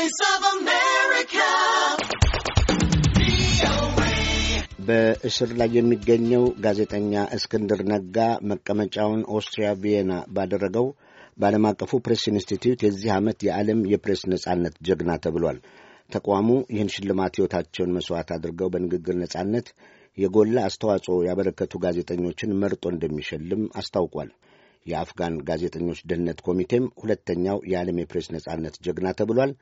Voice of America. በእስር ላይ የሚገኘው ጋዜጠኛ እስክንድር ነጋ መቀመጫውን ኦስትሪያ ቪየና ባደረገው በዓለም አቀፉ ፕሬስ ኢንስቲትዩት የዚህ ዓመት የዓለም የፕሬስ ነጻነት ጀግና ተብሏል። ተቋሙ ይህን ሽልማት ሕይወታቸውን መሥዋዕት አድርገው በንግግር ነጻነት የጎላ አስተዋጽኦ ያበረከቱ ጋዜጠኞችን መርጦ እንደሚሸልም አስታውቋል። የአፍጋን ጋዜጠኞች ደህንነት ኮሚቴም ሁለተኛው የዓለም የፕሬስ ነጻነት ጀግና ተብሏል።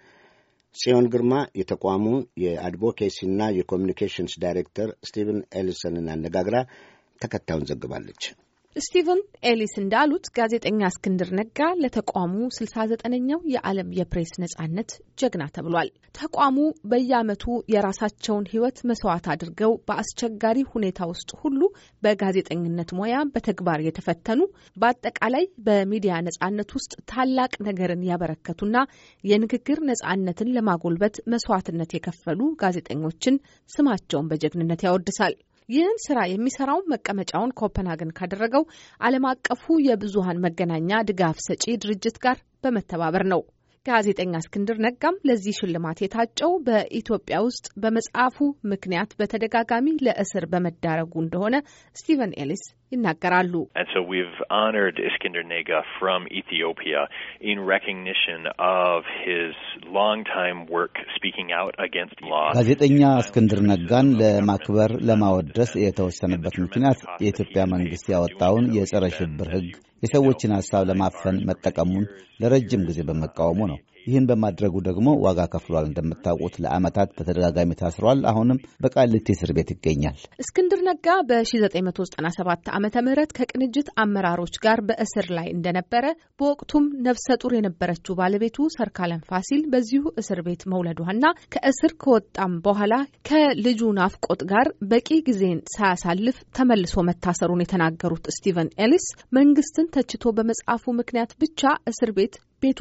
ጽዮን ግርማ የተቋሙ የአድቮኬሲና የኮሚኒኬሽንስ ዳይሬክተር ስቲቨን ኤሊሰንን አነጋግራ ተከታዩን ዘግባለች። ስቲቨን ኤሊስ እንዳሉት ጋዜጠኛ እስክንድር ነጋ ለተቋሙ 69ኛው የዓለም የፕሬስ ነጻነት ጀግና ተብሏል። ተቋሙ በየዓመቱ የራሳቸውን ሕይወት መስዋዕት አድርገው በአስቸጋሪ ሁኔታ ውስጥ ሁሉ በጋዜጠኝነት ሙያ በተግባር የተፈተኑ በአጠቃላይ በሚዲያ ነጻነት ውስጥ ታላቅ ነገርን ያበረከቱና የንግግር ነጻነትን ለማጎልበት መስዋዕትነት የከፈሉ ጋዜጠኞችን ስማቸውን በጀግንነት ያወድሳል። ይህን ስራ የሚሰራው መቀመጫውን ኮፐንሃገን ካደረገው ዓለም አቀፉ የብዙሀን መገናኛ ድጋፍ ሰጪ ድርጅት ጋር በመተባበር ነው። ጋዜጠኛ እስክንድር ነጋም ለዚህ ሽልማት የታጨው በኢትዮጵያ ውስጥ በመጽሐፉ ምክንያት በተደጋጋሚ ለእስር በመዳረጉ እንደሆነ ስቲቨን ኤሊስ ይናገራሉ። እስክንድር ኔጋ ፍሮም ኢትዮጵያ ኢን ሬኮግኒሽን ኦፍ ሂዝ ሎንግ ታይም ወርክ ስፒኪንግ አውት ጋዜጠኛ እስክንድር ነጋን ለማክበር ለማወደስ የተወሰነበት ምክንያት የኢትዮጵያ መንግስት ያወጣውን የጸረ ሽብር ህግ የሰዎችን ሐሳብ ለማፈን መጠቀሙን ለረጅም ጊዜ በመቃወሙ ነው። ይህን በማድረጉ ደግሞ ዋጋ ከፍሏል። እንደምታውቁት ለአመታት በተደጋጋሚ ታስሯል። አሁንም በቃሊቲ እስር ቤት ይገኛል። እስክንድር ነጋ በ1997 ዓ ም ከቅንጅት አመራሮች ጋር በእስር ላይ እንደነበረ በወቅቱም ነፍሰ ጡር የነበረችው ባለቤቱ ሰርካለም ፋሲል በዚሁ እስር ቤት መውለዷና ከእስር ከወጣም በኋላ ከልጁ ናፍቆት ጋር በቂ ጊዜን ሳያሳልፍ ተመልሶ መታሰሩን የተናገሩት ስቲቨን ኤሊስ መንግስትን ተችቶ በመጽሐፉ ምክንያት ብቻ እስር ቤት He's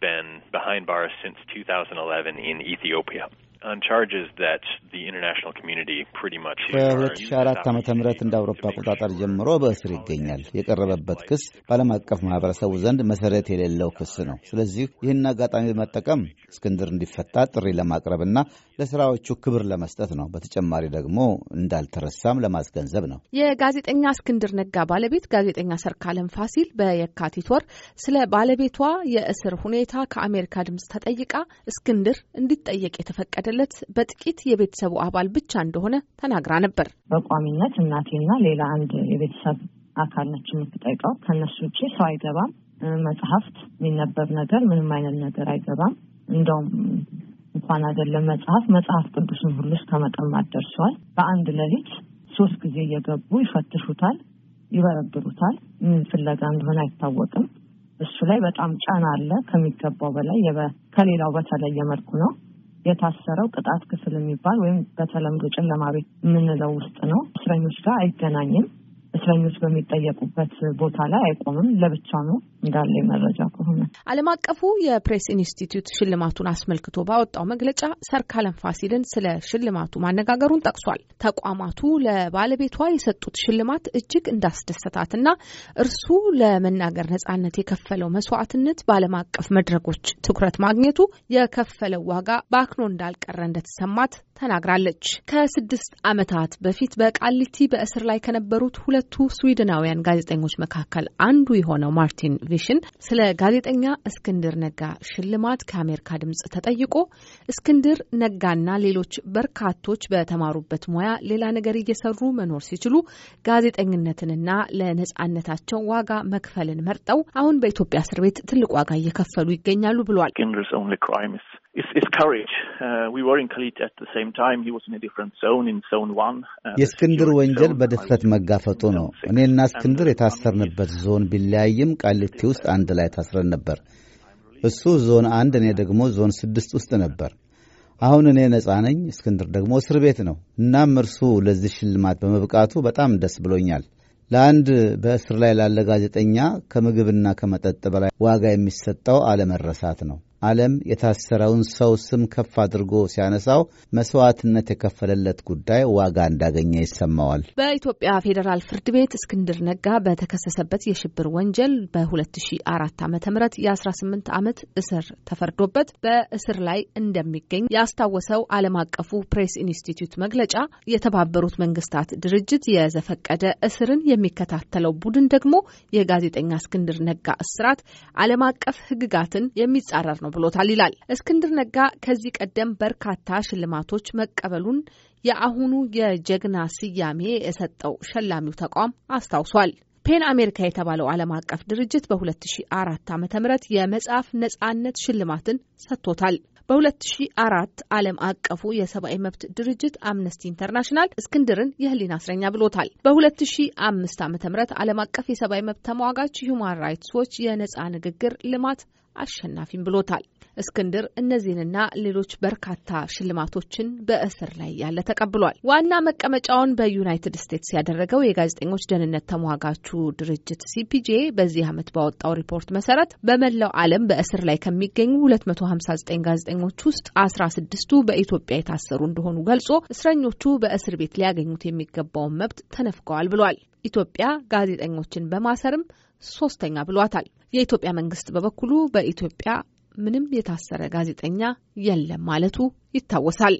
been behind bars since 2011 in Ethiopia. on charges that the international community pretty much ከ2004 ዓ.ም እንደ አውሮፓ አቆጣጠር ጀምሮ በእስር ይገኛል። የቀረበበት ክስ በዓለም አቀፍ ማህበረሰቡ ዘንድ መሰረት የሌለው ክስ ነው። ስለዚህ ይህን አጋጣሚ በመጠቀም እስክንድር እንዲፈታ ጥሪ ለማቅረብና ለስራዎቹ ክብር ለመስጠት ነው። በተጨማሪ ደግሞ እንዳልተረሳም ለማስገንዘብ ነው። የጋዜጠኛ እስክንድር ነጋ ባለቤት ጋዜጠኛ ሰርካለም ፋሲል በየካቲት ወር ስለ ባለቤቷ የእስር ሁኔታ ከአሜሪካ ድምጽ ተጠይቃ እስክንድር እንዲጠየቅ የተፈቀደ የተፈቀደለት በጥቂት የቤተሰቡ አባል ብቻ እንደሆነ ተናግራ ነበር። በቋሚነት እናቴና ሌላ አንድ የቤተሰብ አካል ነች የምትጠይቀው። ከእነሱ ውጭ ሰው አይገባም። መጽሐፍት፣ የሚነበብ ነገር ምንም አይነት ነገር አይገባም። እንደውም እንኳን አይደለም መጽሐፍ መጽሐፍ ቅዱስን ሁሉ እስከ መቀማት ደርሰዋል። በአንድ ሌሊት ሶስት ጊዜ እየገቡ ይፈትሹታል፣ ይበረብሩታል። ምን ፍለጋ እንደሆነ አይታወቅም። እሱ ላይ በጣም ጫና አለ። ከሚገባው በላይ ከሌላው በተለየ መልኩ ነው። የታሰረው ቅጣት ክፍል የሚባል ወይም በተለምዶ ጨለማ ቤት የምንለው ውስጥ ነው። እስረኞች ጋር አይገናኝም። እስረኞች በሚጠየቁበት ቦታ ላይ አይቆምም፣ ለብቻ ነው እንዳለ መረጃ ከሆነ። ዓለም አቀፉ የፕሬስ ኢንስቲትዩት ሽልማቱን አስመልክቶ ባወጣው መግለጫ ሰርካለም ፋሲልን ስለ ሽልማቱ ማነጋገሩን ጠቅሷል። ተቋማቱ ለባለቤቷ የሰጡት ሽልማት እጅግ እንዳስደሰታት እና እርሱ ለመናገር ነጻነት የከፈለው መስዋዕትነት በዓለም አቀፍ መድረኮች ትኩረት ማግኘቱ የከፈለው ዋጋ በአክኖ እንዳልቀረ እንደተሰማት ተናግራለች። ከስድስት ዓመታት በፊት በቃሊቲ በእስር ላይ ከነበሩት ሁለት ከሁለቱ ስዊድናውያን ጋዜጠኞች መካከል አንዱ የሆነው ማርቲን ቪሽን ስለ ጋዜጠኛ እስክንድር ነጋ ሽልማት ከአሜሪካ ድምጽ ተጠይቆ እስክንድር ነጋና ሌሎች በርካቶች በተማሩበት ሙያ ሌላ ነገር እየሰሩ መኖር ሲችሉ ጋዜጠኝነትንና ለነጻነታቸው ዋጋ መክፈልን መርጠው አሁን በኢትዮጵያ እስር ቤት ትልቅ ዋጋ እየከፈሉ ይገኛሉ ብሏል። የእስክንድር ወንጀል በድፍረት መጋፈጡ ነው። እኔና እስክንድር የታሰርንበት ዞን ቢለያይም ቃሊቲ ውስጥ አንድ ላይ ታስረን ነበር። እሱ ዞን አንድ፣ እኔ ደግሞ ዞን ስድስት ውስጥ ነበር። አሁን እኔ ነጻ ነኝ፣ እስክንድር ደግሞ እስር ቤት ነው። እናም እርሱ ለዚህ ሽልማት በመብቃቱ በጣም ደስ ብሎኛል። ለአንድ በእስር ላይ ላለ ጋዜጠኛ ከምግብና ከመጠጥ በላይ ዋጋ የሚሰጠው አለመረሳት ነው። ዓለም የታሰረውን ሰው ስም ከፍ አድርጎ ሲያነሳው መስዋዕትነት የከፈለለት ጉዳይ ዋጋ እንዳገኘ ይሰማዋል። በኢትዮጵያ ፌዴራል ፍርድ ቤት እስክንድር ነጋ በተከሰሰበት የሽብር ወንጀል በ2004 ዓ ም የ18 ዓመት እስር ተፈርዶበት በእስር ላይ እንደሚገኝ ያስታወሰው ዓለም አቀፉ ፕሬስ ኢንስቲትዩት መግለጫ፣ የተባበሩት መንግስታት ድርጅት የዘፈቀደ እስርን የሚከታተለው ቡድን ደግሞ የጋዜጠኛ እስክንድር ነጋ እስራት ዓለም አቀፍ ህግጋትን የሚጻረር ነው ብሎታል ይላል። እስክንድር ነጋ ከዚህ ቀደም በርካታ ሽልማቶች መቀበሉን የአሁኑ የጀግና ስያሜ የሰጠው ሸላሚው ተቋም አስታውሷል። ፔን አሜሪካ የተባለው ዓለም አቀፍ ድርጅት በ2004 ዓ ም የመጽሐፍ ነጻነት ሽልማትን ሰጥቶታል። በ2004 ዓለም አቀፉ የሰብአዊ መብት ድርጅት አምነስቲ ኢንተርናሽናል እስክንድርን የህሊና እስረኛ ብሎታል። በ2005 ዓ ም ዓለም አቀፍ የሰብአዊ መብት ተሟጋች ሁማን ራይትስ ዎች የነጻ ንግግር ልማት አሸናፊም ብሎታል። እስክንድር እነዚህንና ሌሎች በርካታ ሽልማቶችን በእስር ላይ ያለ ተቀብሏል። ዋና መቀመጫውን በዩናይትድ ስቴትስ ያደረገው የጋዜጠኞች ደህንነት ተሟጋቹ ድርጅት ሲፒጄ በዚህ ዓመት ባወጣው ሪፖርት መሰረት በመላው ዓለም በእስር ላይ ከሚገኙ 259 ጋዜጠኞች ውስጥ 16ቱ በኢትዮጵያ የታሰሩ እንደሆኑ ገልጾ እስረኞቹ በእስር ቤት ሊያገኙት የሚገባውን መብት ተነፍገዋል ብሏል። ኢትዮጵያ ጋዜጠኞችን በማሰርም ሶስተኛ ብሏታል። የኢትዮጵያ መንግስት በበኩሉ በኢትዮጵያ ምንም የታሰረ ጋዜጠኛ የለም ማለቱ ይታወሳል።